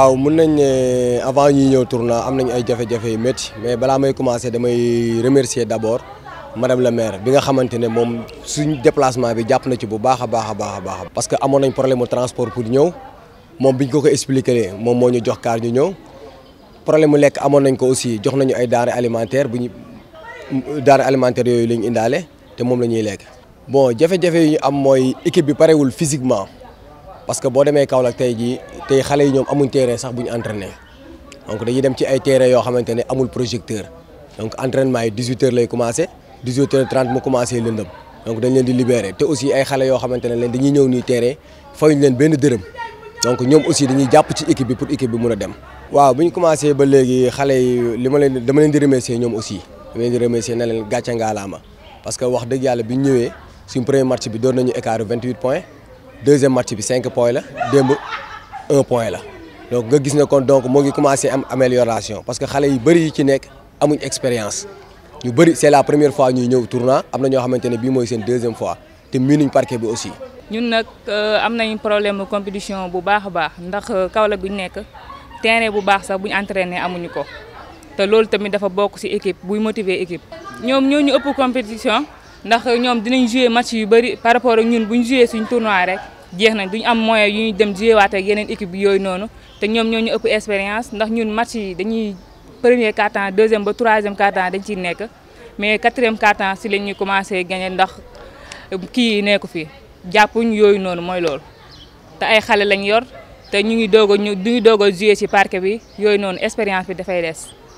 avant de tourner, mais je may commencer remercier d'abord madame la maire bi nga xamante déplacement parce que problème de transport pour nous. Je biñ ko expliquer nous problème de nañ aussi jox denrées la c'est de bon physiquement. parce que boo demee Kaolack tey jii tey xale yi ñoom amuñ terrain sax bu ñu entraîné donc dañuy dem ci ay terrain yoo xamante ne amul projecteur donc entraînement yi 18h lay commencé 18h30 mu commencé lëndëm donc dañ leen di libéré te aussi ay xale yoo xamante ne leen dañuy ñëw nii terrain fayuñ leen benn dërëm donc ñoom aussi dañuy jàpp ci équipe bi pour équipe bi mun a dem. waaw bu ñu commencé ba léegi xale yi leen dama leen di remercier ñoom aussi dama leen di remercier na leen gàcce ngaalaama parce que wax dëgg yàlla bi ñu ñëwee suñ deuxième match bi 5 points la points, un point donc nga gis ne kon donc commencé am amélioration parce que xalé yi bari ci nek amuñ expérience c'est la première fois ñuy nous tournoi amna ñoo xamante ne bii deuxième fois té miinuñ parquet bi aussi. ñun Nous euh, am un problème de compétition bu baax baax ndax euh, kawla buñ nek terrain bu baax sax de entraîner ko té lool tamit dafa bok ci équipe buy motiver équipe. ñom ñoo ñu compétition. ndax ñoom dinañ joué match yu bëri par rapport ak ñun bu ñu joué suñ tournoi rek jeex nañ duñ am moyen yu dem joué waat ak yeneen équipe yooyu noonu te ñoom ñoo ñu ëpp expérience ndax ñun match yi dañuy premier quart-temps deuxième ba troisième quart-temps dañ ciy nekk mais quatrième quart-temps si lañ ñu commencé gagné ndax kii nekku fi jàppuñ yooyu noonu mooy loolu te ay xale lañ yor te ñu ngi doog a ñu ngi doog a joué si parquet bi yooyu noonu expérience bi dafay des.